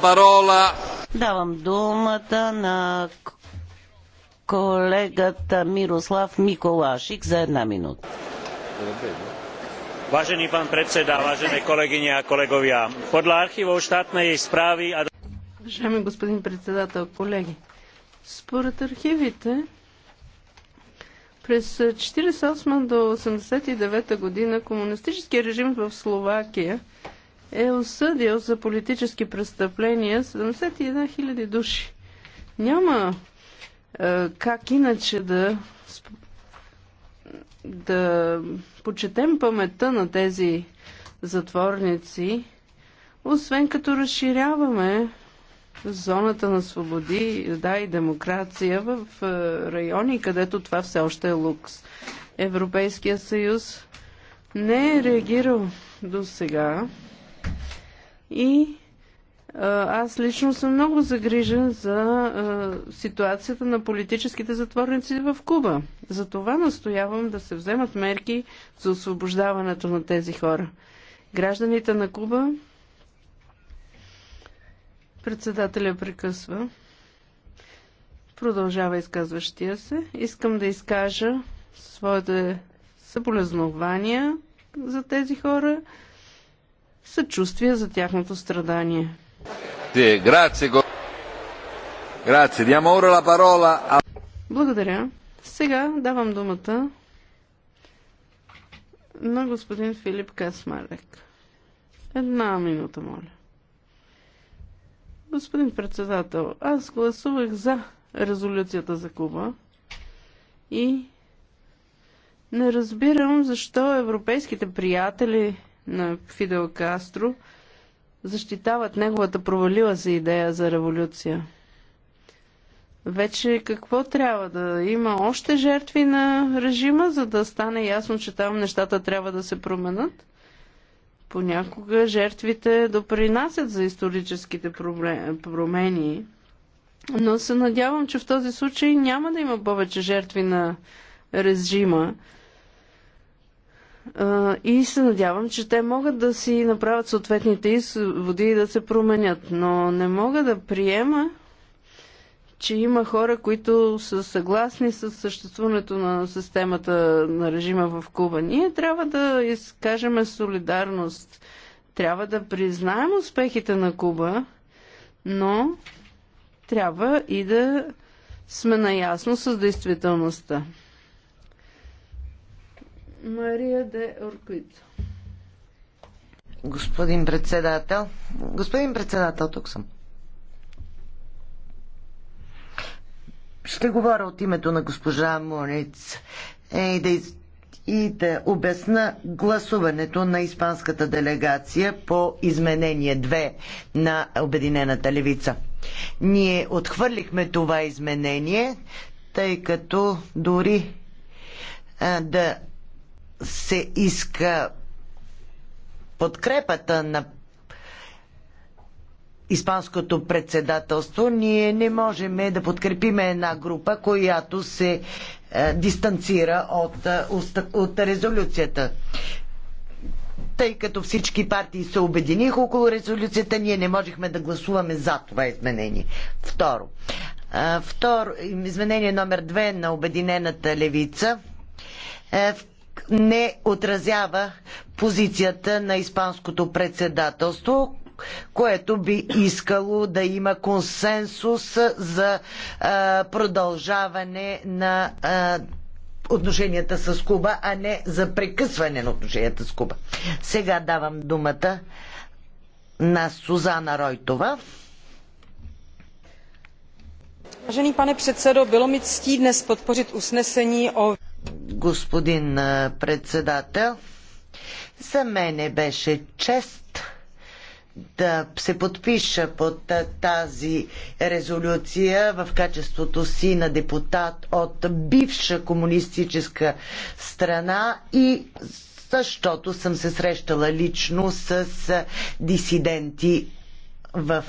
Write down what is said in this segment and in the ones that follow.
парола. Давам думата на колегата Мирослав Миколашик за една минута. Vážený pán predseda, vážené kolegyne a kolegovia, podľa archívov štátnej správy a... Vážený господин председател, kolegy, според архивите през 1948 до 1989 година комунистическия режим в Словакия е осъдил за политически престъпления 71 000 души. Няма е, как иначе да, да почетем паметта на тези затворници, освен като разширяваме зоната на свободи да, и демокрация в е, райони, където това все още е лукс. Европейския съюз не е реагирал до сега и аз лично съм много загрижен за ситуацията на политическите затворници в Куба. Затова настоявам да се вземат мерки за освобождаването на тези хора. Гражданите на Куба. Председателя прекъсва. Продължава изказващия се. Искам да изкажа своите съболезнования за тези хора съчувствие за тяхното страдание. Благодаря. Сега давам думата на господин Филип Касмалек. Една минута, моля. Господин председател, аз гласувах за резолюцията за Куба и не разбирам защо европейските приятели на Фидел Кастро защитават неговата провалила се идея за революция. Вече какво трябва да има още жертви на режима, за да стане ясно, че там нещата трябва да се променят? Понякога жертвите допринасят за историческите промени, но се надявам, че в този случай няма да има повече жертви на режима и се надявам, че те могат да си направят съответните изводи и да се променят. Но не мога да приема, че има хора, които са съгласни с съществуването на системата на режима в Куба. Ние трябва да изкажем солидарност. Трябва да признаем успехите на Куба, но трябва и да сме наясно с действителността. Мария де Орквит. Господин председател, господин председател, тук съм. Ще говоря от името на госпожа Монец е, и да, из... и да обясна гласуването на испанската делегация по изменение 2 на Обединената левица. Ние отхвърлихме това изменение, тъй като дори а, е, да се иска подкрепата на Испанското председателство, ние не можем да подкрепим една група, която се е, дистанцира от, е, от резолюцията. Тъй като всички партии се обединиха около резолюцията, ние не можехме да гласуваме за това изменение. Второ. Второ, изменение номер две на Обединената левица е, не отразява позицията на Испанското председателство, което би искало да има консенсус за а, продължаване на а, отношенията с Куба, а не за прекъсване на отношенията с Куба. Сега давам думата на Сузана Ройтова. Vážený пане předsedo, било ми ctí днес подпорит уснесение o господин председател. За мене беше чест да се подпиша под тази резолюция в качеството си на депутат от бивша комунистическа страна и защото съм се срещала лично с дисиденти в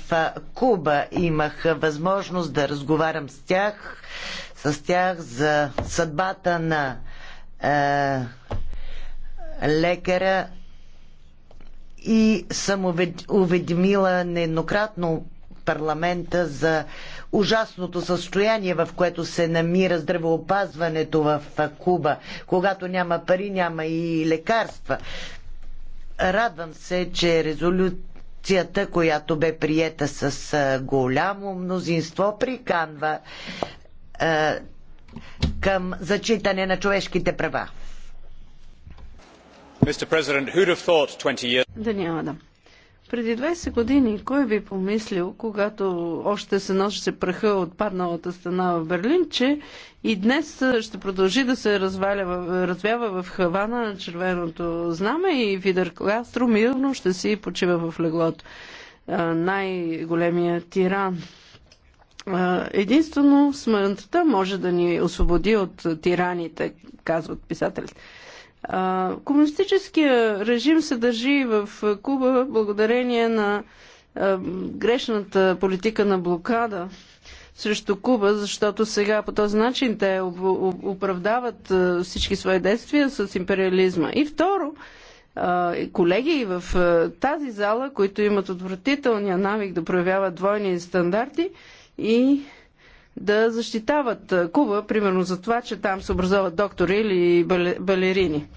Куба. Имах възможност да разговарям с тях, с тях за съдбата на е, лекара и съм уведомила нееднократно парламента за ужасното състояние, в което се намира здравеопазването в Куба. Когато няма пари, няма и лекарства. Радвам се, че резолют резолюцията, която бе приета с голямо мнозинство, приканва е, към зачитане на човешките права. Да няма да. Преди 20 години кой би помислил, когато още се носеше праха от падналата стена в Берлин, че и днес ще продължи да се разваля, развява в Хавана на червеното знаме и Фидер Кастро мирно ще си почива в леглото. най-големия тиран. Единствено смъртта може да ни освободи от тираните, казват писателите. Комунистическия режим се държи в Куба благодарение на грешната политика на блокада срещу Куба, защото сега по този начин те оправдават всички свои действия с империализма. И второ, колеги в тази зала, които имат отвратителния навик да проявяват двойни стандарти и да защитават Куба, примерно за това, че там се образуват доктори или балерини.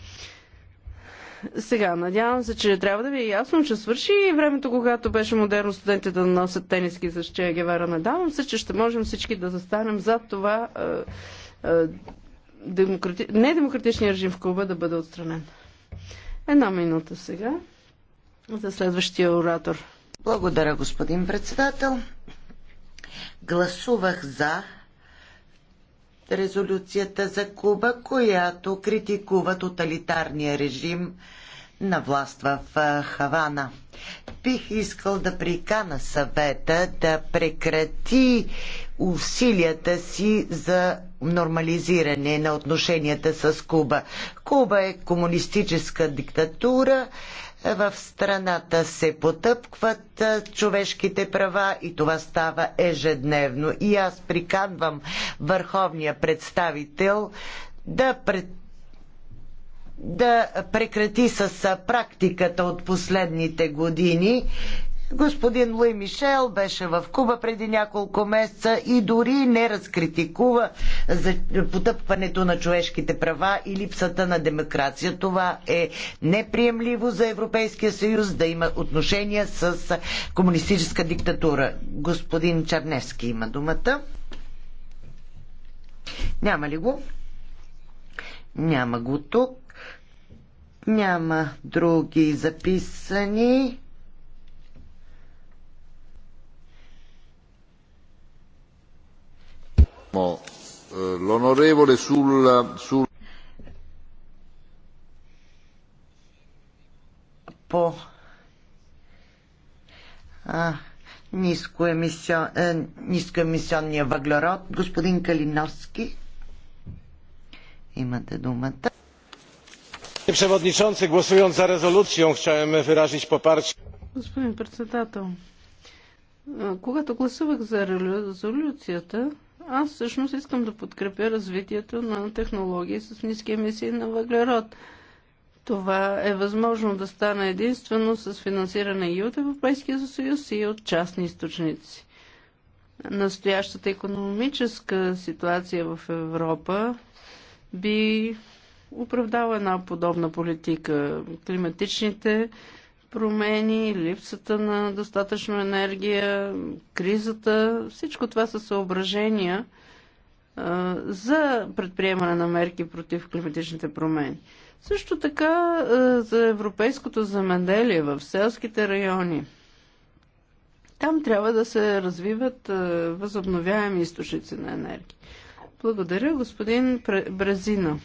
Сега, надявам се, че трябва да ви е ясно, че свърши времето, когато беше модерно студентите да носят тениски с Че Гевара. Надявам се, че ще можем всички да застанем за това е, е, демократи... недемократичния режим в Куба да бъде отстранен. Една минута сега за следващия оратор. Благодаря, господин председател гласувах за резолюцията за Куба, която критикува тоталитарния режим на власт в Хавана. Бих искал да прикана съвета да прекрати усилията си за нормализиране на отношенията с Куба. Куба е комунистическа диктатура, в страната се потъпкват човешките права и това става ежедневно. И аз приканвам върховния представител да пред да прекрати с практиката от последните години Господин Луи Мишел беше в Куба преди няколко месеца и дори не разкритикува за потъпването на човешките права и липсата на демокрация. Това е неприемливо за Европейския съюз да има отношения с комунистическа диктатура. Господин Чарневски има думата. Няма ли го? Няма го тук. Няма други записани. Eh, l'onorevole sul, sul... По а, нискоемисион, е, нискоемисионния въглерод. Господин Калиновски, имате думата. Panie przewodniczący, głosując za rezolucją, chciałem wyrazić poparcie. Господин председател, когато гласувах за резолюцията, аз всъщност искам да подкрепя развитието на технологии с ниски емисии на въглерод. Това е възможно да стане единствено с финансиране и от Европейския съюз и от частни източници. Настоящата економическа ситуация в Европа би оправдала една подобна политика. Климатичните промени, липсата на достатъчно енергия, кризата, всичко това са съображения а, за предприемане на мерки против климатичните промени. Също така а, за европейското земеделие в селските райони. Там трябва да се развиват възобновяеми източници на енергия. Благодаря, господин Брезина.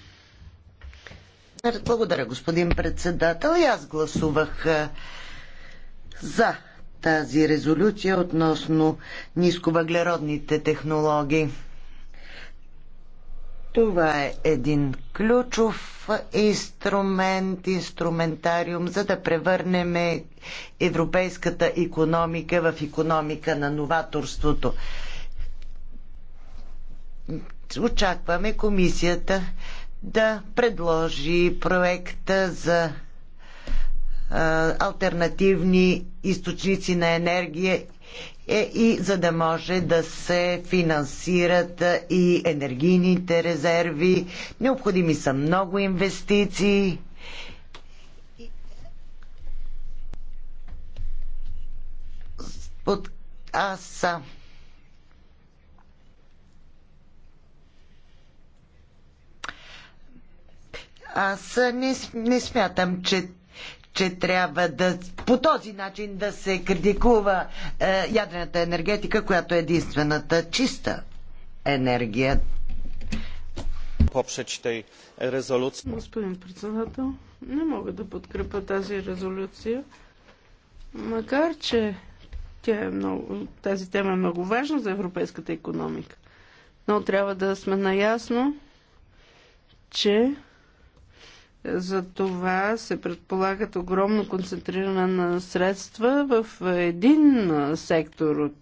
Благодаря, господин председател. И аз гласувах за тази резолюция относно нисковъглеродните технологии. Това е един ключов инструмент, инструментариум, за да превърнем европейската економика в економика на новаторството. Очакваме комисията да предложи проекта за альтернативни източници на енергия е, и за да може да се финансират и енергийните резерви. Необходими са много инвестиции. Аз Аз не, не смятам, че че трябва да по този начин да се критикува е, ядрената енергетика, която е единствената чиста енергия. Попреч и резолюция. Господин председател, не мога да подкрепа тази резолюция, макар че тя е много, тази тема е много важна за европейската економика. Но трябва да сме наясно, че за това се предполагат огромно концентриране на средства в един сектор от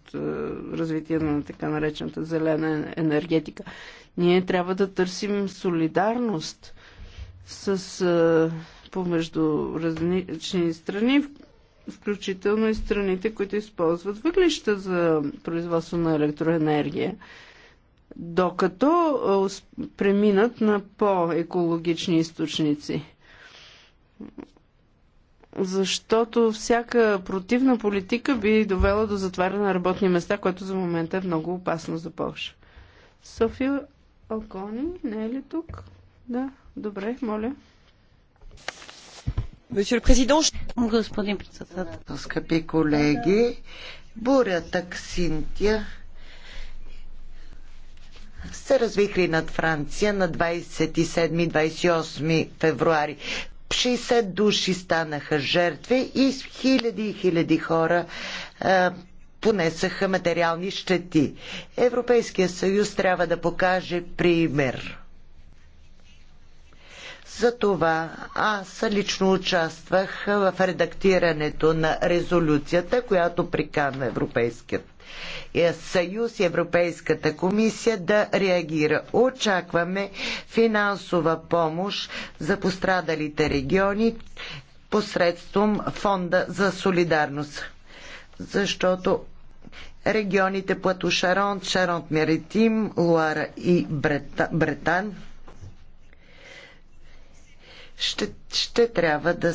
развитие на така наречената зелена енергетика. Ние трябва да търсим солидарност с помежду различни страни, включително и страните, които използват въглища за производство на електроенергия докато преминат на по-екологични източници. Защото всяка противна политика би довела до затваряне на работни места, което за момента е много опасно за Польша. София Окони, не е ли тук? Да, добре, моля. Господин председател, скъпи колеги, буря таксинтия се развихри над Франция на 27-28 февруари. 60 души станаха жертви и хиляди и хиляди хора е, понесаха материални щети. Европейския съюз трябва да покаже пример. Затова аз лично участвах в редактирането на резолюцията, която приканва Европейският е, съюз и Европейската комисия да реагира. Очакваме финансова помощ за пострадалите региони посредством Фонда за солидарност. Защото регионите Плато Шарон, Шаронт Меритим, Луара и Бретан ще, ще трябва да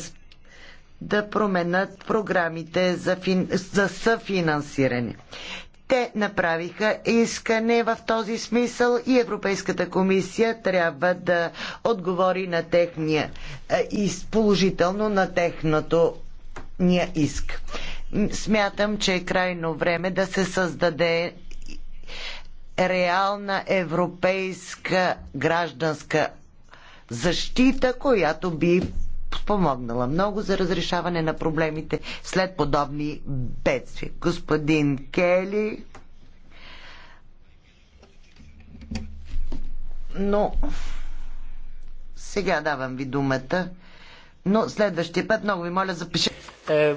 да променят програмите за, фин... за съфинансиране. Те направиха искане в този смисъл и Европейската комисия трябва да отговори на техния е, и положително на техното ния иск. Смятам, че е крайно време да се създаде реална европейска гражданска защита, която би помогнала много за разрешаване на проблемите след подобни бедствия. Господин Кели. Но сега давам ви думата, но следващия път много ви моля запишете. Е,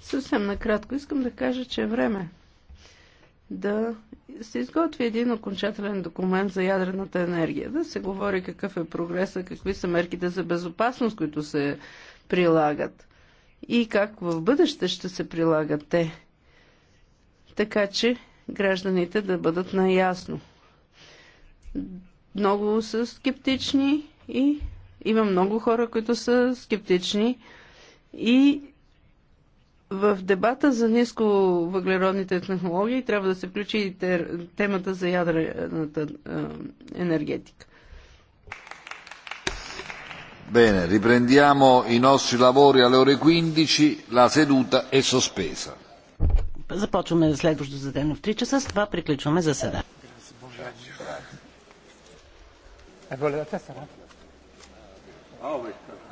съвсем накратко искам да кажа, че е време да се изготви един окончателен документ за ядрената енергия, да се говори какъв е прогреса, какви са мерките за безопасност, които се прилагат и как в бъдеще ще се прилагат те, така че гражданите да бъдат наясно. Много са скептични и има много хора, които са скептични и в дебата за ниско въглеродните технологии трябва да се включи и темата за ядрената енергетика. Bene, riprendiamo i nostri lavori alle ore 15, la seduta è sospesa. Започваме следващото заседание в 3 часа, с това приключваме за заседанието. Grazie, buongiorno. E volevate sarà? Ah, oh,